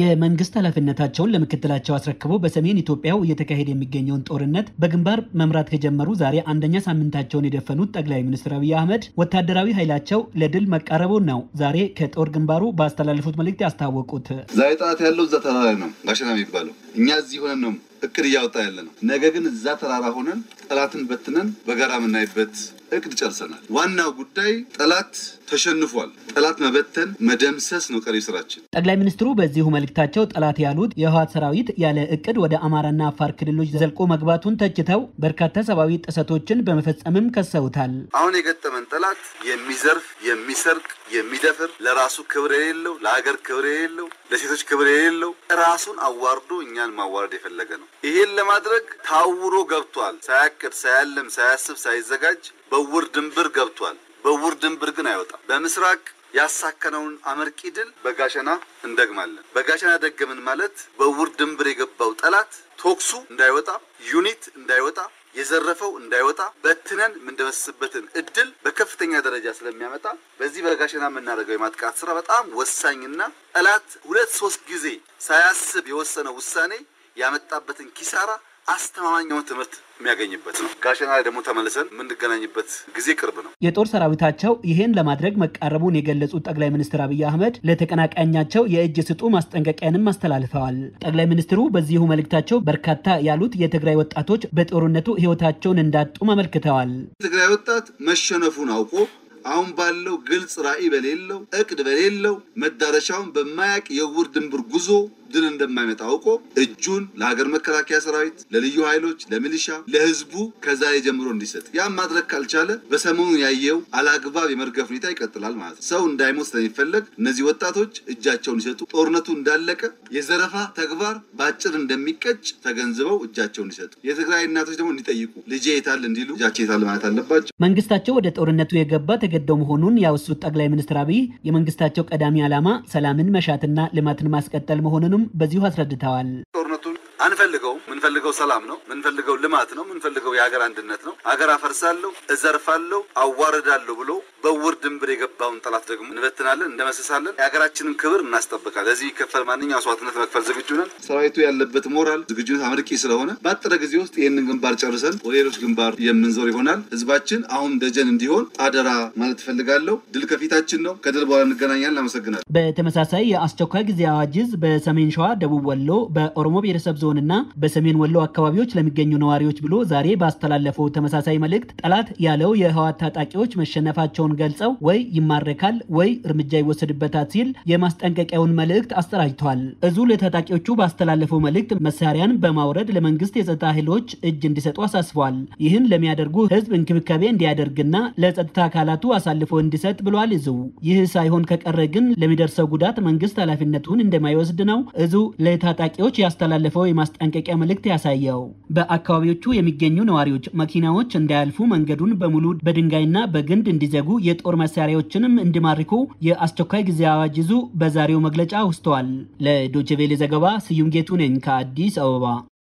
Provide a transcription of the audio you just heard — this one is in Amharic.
የመንግስት ኃላፊነታቸውን ለምክትላቸው አስረክበው በሰሜን ኢትዮጵያው እየተካሄደ የሚገኘውን ጦርነት በግንባር መምራት ከጀመሩ ዛሬ አንደኛ ሳምንታቸውን የደፈኑት ጠቅላይ ሚኒስትር አብይ አህመድ ወታደራዊ ኃይላቸው ለድል መቃረቡን ነው ዛሬ ከጦር ግንባሩ ባስተላለፉት መልእክት ያስታወቁት። ዛሬ ጠላት ያለው እዛ ተራራ ነው ጋሸና የሚባለው እኛ እዚህ ሆነን ነው እቅድ እያወጣ ያለ ነው። ነገ ግን እዛ ተራራ ሆነን ጠላትን በትነን በጋራ የምናይበት እቅድ ጨርሰናል። ዋናው ጉዳይ ጠላት ተሸንፏል። ጠላት መበተን መደምሰስ ነው ቀሪ ስራችን። ጠቅላይ ሚኒስትሩ በዚሁ መልእክታቸው ጠላት ያሉት የህወሓት ሰራዊት ያለ እቅድ ወደ አማራና አፋር ክልሎች ዘልቆ መግባቱን ተችተው በርካታ ሰብአዊ ጥሰቶችን በመፈጸምም ከሰውታል። አሁን የገጠመን ጠላት የሚዘርፍ የሚሰርቅ፣ የሚደፍር ለራሱ ክብር የሌለው ለሀገር ክብር የሌለው ለሴቶች ክብር የሌለው ራሱን አዋርዶ እኛን ማዋረድ የፈለገ ነው። ይሄን ለማድረግ ታውሮ ገብቷል። ሳያቅድ፣ ሳያልም፣ ሳያስብ፣ ሳይዘጋጅ በውር ድንብር ገብቷል። በውር ድንብር ግን አይወጣም። በምስራቅ ያሳከነውን አመርቂ ድል በጋሸና እንደግማለን። በጋሸና ደገምን ማለት በውር ድንብር የገባው ጠላት ቶክሱ እንዳይወጣ፣ ዩኒት እንዳይወጣ፣ የዘረፈው እንዳይወጣ በትነን የምንደመስስበትን እድል በከፍተኛ ደረጃ ስለሚያመጣ በዚህ በጋሸና የምናደርገው የማጥቃት ስራ በጣም ወሳኝና ጠላት ሁለት ሶስት ጊዜ ሳያስብ የወሰነው ውሳኔ ያመጣበትን ኪሳራ አስተማማኛውን ትምህርት የሚያገኝበት ነው። ጋሸና ደግሞ ተመልሰን የምንገናኝበት ጊዜ ቅርብ ነው። የጦር ሰራዊታቸው ይህን ለማድረግ መቃረቡን የገለጹት ጠቅላይ ሚኒስትር አብይ አህመድ ለተቀናቃኛቸው የእጅ ስጡ ማስጠንቀቂያንም አስተላልፈዋል። ጠቅላይ ሚኒስትሩ በዚሁ መልእክታቸው በርካታ ያሉት የትግራይ ወጣቶች በጦርነቱ ህይወታቸውን እንዳጡም አመልክተዋል። ትግራይ ወጣት መሸነፉን አውቆ አሁን ባለው ግልጽ ራዕይ በሌለው እቅድ በሌለው መዳረሻውን በማያቅ የውር ድንብር ጉዞ ድል እንደማይመጣ አውቆ እጁን ለሀገር መከላከያ ሰራዊት፣ ለልዩ ኃይሎች፣ ለሚሊሻ፣ ለህዝቡ ከዛሬ ጀምሮ እንዲሰጥ ያም ማድረግ ካልቻለ በሰሞኑ ያየው አላግባብ የመርገፍ ሁኔታ ይቀጥላል ማለት ነው። ሰው እንዳይሞት ስለሚፈለግ እነዚህ ወጣቶች እጃቸውን ይሰጡ። ጦርነቱ እንዳለቀ የዘረፋ ተግባር በአጭር እንደሚቀጭ ተገንዝበው እጃቸውን ይሰጡ። የትግራይ እናቶች ደግሞ እንዲጠይቁ ልጄ የታል እንዲሉ እጃቸው የታል ማለት አለባቸው። መንግስታቸው ወደ ጦርነቱ የገባ ተገደው መሆኑን ያወሱት ጠቅላይ ሚኒስትር አብይ የመንግስታቸው ቀዳሚ ዓላማ ሰላምን መሻትና ልማትን ማስቀጠል መሆኑንም መሆኑን በዚሁ አስረድተዋል። አንፈልገውም። ምንፈልገው ሰላም ነው። ምንፈልገው ልማት ነው። ምንፈልገው የሀገር አንድነት ነው። ሀገር አፈርሳለሁ፣ እዘርፋለሁ፣ አዋርዳለሁ ብሎ በውር ድንብር የገባውን ጠላት ደግሞ እንበትናለን፣ እንደመስሳለን። የሀገራችንን ክብር እናስጠብቃል። ለዚህ ይከፈል ማንኛው መስዋዕትነት መክፈል ዝግጁ ነን። ሰራዊቱ ያለበት ሞራል ዝግጁነት አመርቂ ስለሆነ በአጠረ ጊዜ ውስጥ ይህንን ግንባር ጨርሰን ወደ ሌሎች ግንባር የምንዞር ይሆናል። ህዝባችን አሁን ደጀን እንዲሆን አደራ ማለት እፈልጋለሁ። ድል ከፊታችን ነው። ከድል በኋላ እንገናኛለን። አመሰግናል። በተመሳሳይ የአስቸኳይ ጊዜ አዋጅ በሰሜን ሸዋ፣ ደቡብ ወሎ፣ በኦሮሞ ብሔረሰብ ዞን ዞንና በሰሜን ወሎ አካባቢዎች ለሚገኙ ነዋሪዎች ብሎ ዛሬ ባስተላለፈው ተመሳሳይ መልእክት ጠላት ያለው የህወሓት ታጣቂዎች መሸነፋቸውን ገልጸው ወይ ይማረካል ወይ እርምጃ ይወሰድበታል ሲል የማስጠንቀቂያውን መልእክት አስተራጅቷል። እዙ ለታጣቂዎቹ ባስተላለፈው መልእክት መሳሪያን በማውረድ ለመንግስት የጸጥታ ኃይሎች እጅ እንዲሰጡ አሳስቧል። ይህን ለሚያደርጉ ህዝብ እንክብካቤ እንዲያደርግና ለጸጥታ አካላቱ አሳልፎ እንዲሰጥ ብሏል። እዙ ይህ ሳይሆን ከቀረ ግን ለሚደርሰው ጉዳት መንግስት ኃላፊነቱን እንደማይወስድ ነው እዙ ለታጣቂዎች ያስተላለፈው የማስጠንቀቂያ መልእክት ያሳየው። በአካባቢዎቹ የሚገኙ ነዋሪዎች መኪናዎች እንዳያልፉ መንገዱን በሙሉ በድንጋይና በግንድ እንዲዘጉ፣ የጦር መሳሪያዎችንም እንዲማርኩ የአስቸኳይ ጊዜ አዋጅ ይዙ በዛሬው መግለጫ ውስተዋል። ለዶችቬሌ ዘገባ ስዩም ጌቱ ነኝ ከአዲስ አበባ።